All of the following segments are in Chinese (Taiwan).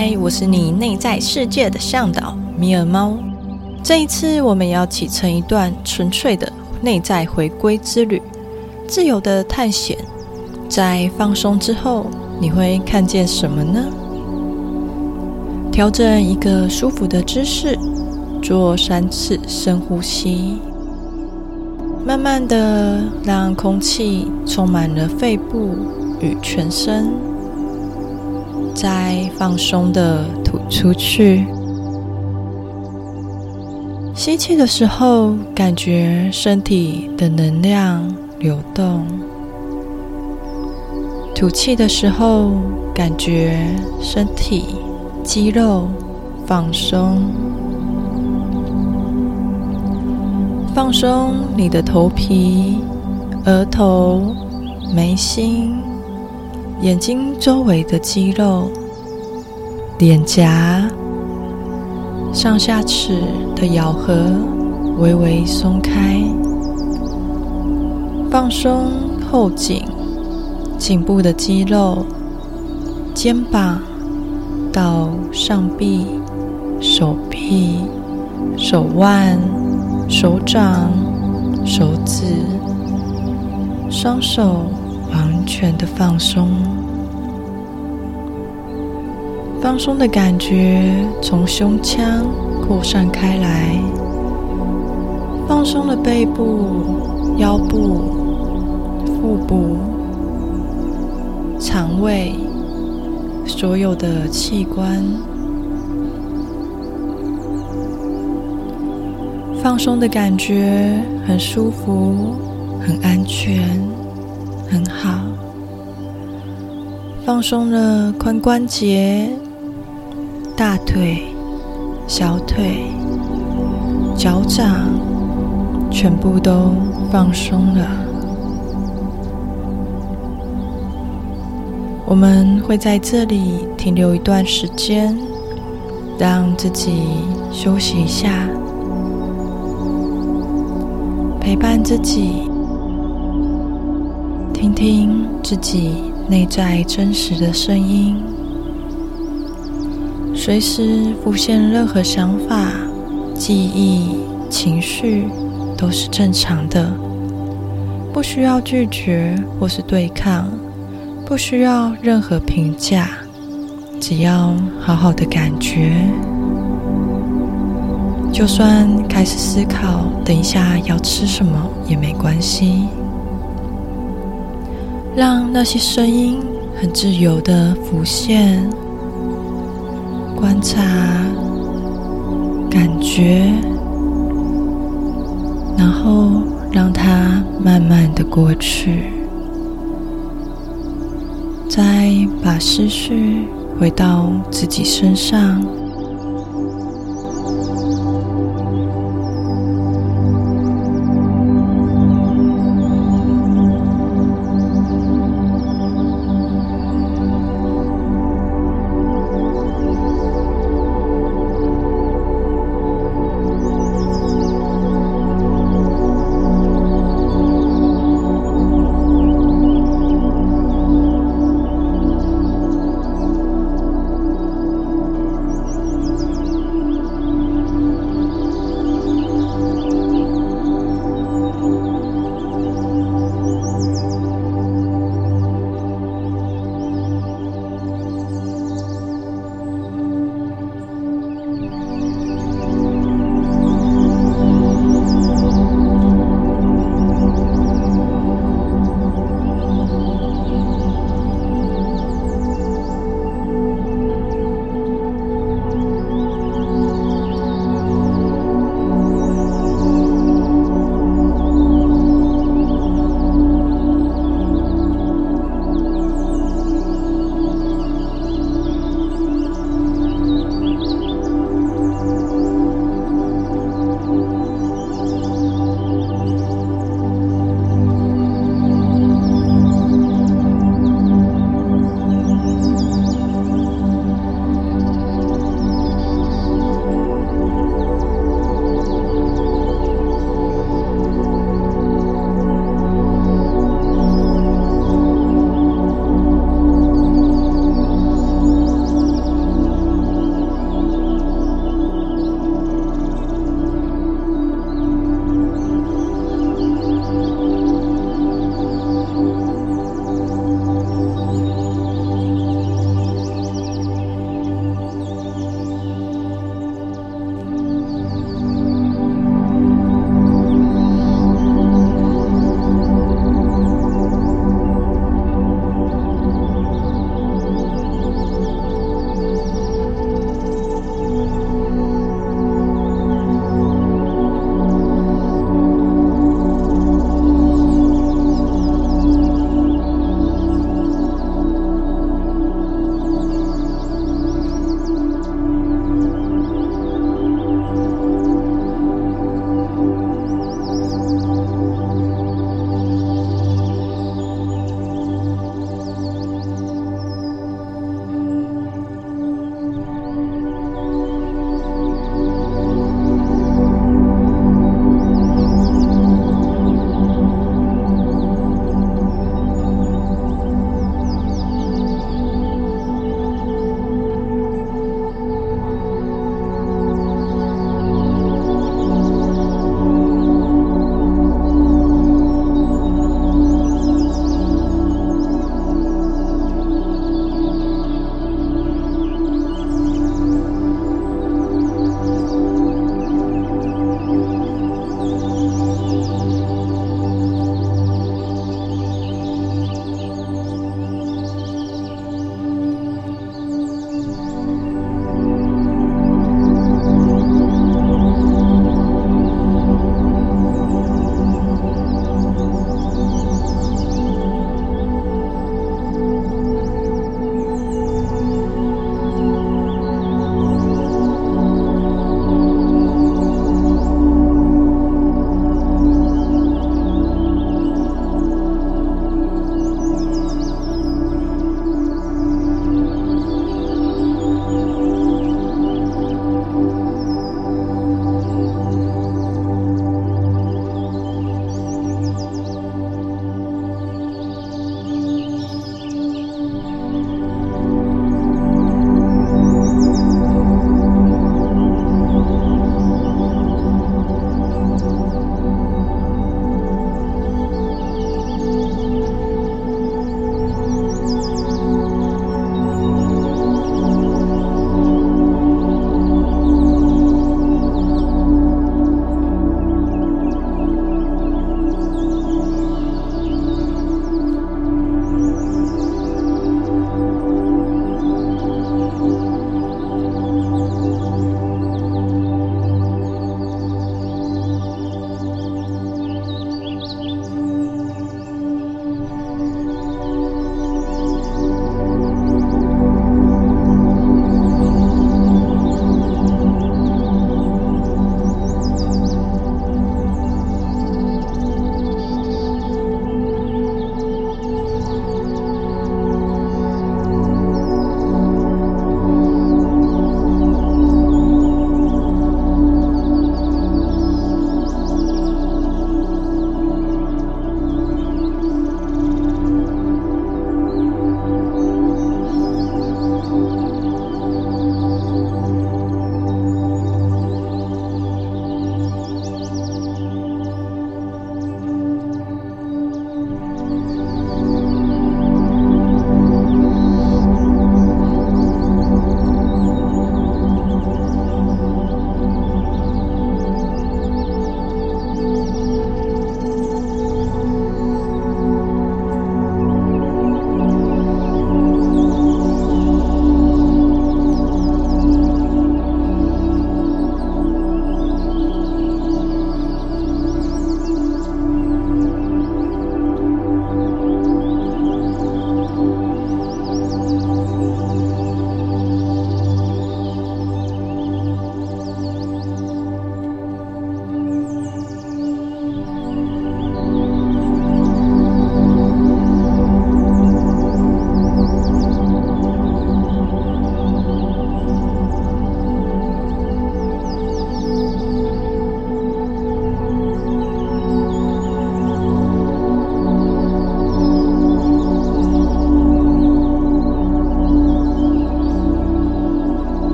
嗨，我是你內在世界的向導米爾貓。這一次，我們要啟程一段純粹的內在回歸之旅，自由的探險。在放鬆之後，你會看見什麼呢？調整一個舒服的姿勢，做三次深呼吸，慢慢的讓空氣充滿了肺部與全身。再放鬆的吐出去。吸氣的時候，感覺身體的能量流動；吐氣的時候，感覺身體肌肉放鬆。放鬆你的頭皮、額頭、眉心。眼睛周圍的肌肉、臉頰、上下齒的咬合，微微鬆開，放鬆後頸、頸部的肌肉、肩膀到上臂、手臂、手腕、手掌、手指、雙手。完全的放鬆，放鬆的感覺從胸腔擴散開來，放鬆了背部、腰部、腹部、腸胃，所有的器官，放鬆的感覺很舒服，很安全。很好，放鬆了髖關節、大腿、小腿、腳掌，全部都放鬆了。我們會在這裡停留一段時間，讓自己休息一下，陪伴自己。聽聽自己內在真實的聲音，隨時浮現任何想法、記憶、情緒，都是正常的，不需要拒絕或是對抗，不需要任何評價，只要好好的感覺。就算開始思考，等一下要吃什麼也沒關係。讓那些聲音很自由的浮現，觀察，感覺，然後讓它慢慢的過去，再把思緒回到自己身上。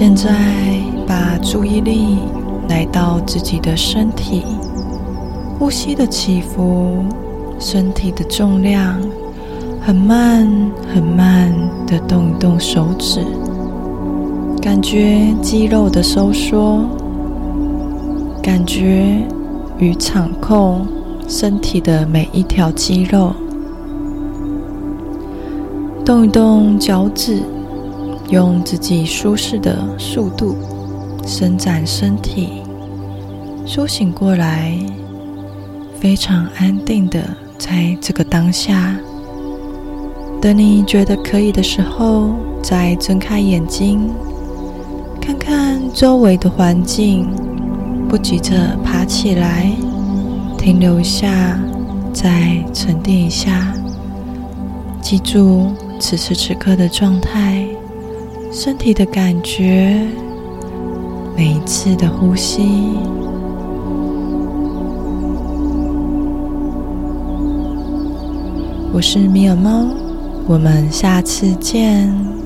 現在把注意力來到自己的身體，呼吸的起伏，身體的重量，很慢很慢的動一動手指，感覺肌肉的收縮，感覺與掌控身體的每一條肌肉，動一動腳趾。用自己舒適的速度伸展身體，甦醒過來，非常安定的在這個當下。等你覺得可以的時候，再睜開眼睛，看看周圍的環境，不急着爬起來，停留一下，再沉澱一下，記住此時此刻的狀態。身體的感覺，每一次的呼吸。我是米爾貓，我們下次見。